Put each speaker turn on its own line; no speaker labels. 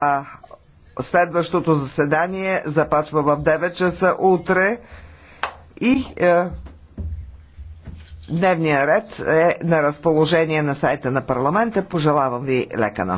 А следващото заседание започва в 9 часа утре и е, дневния ред е на разположение на сайта на парламента. Пожелавам ви лека нощ.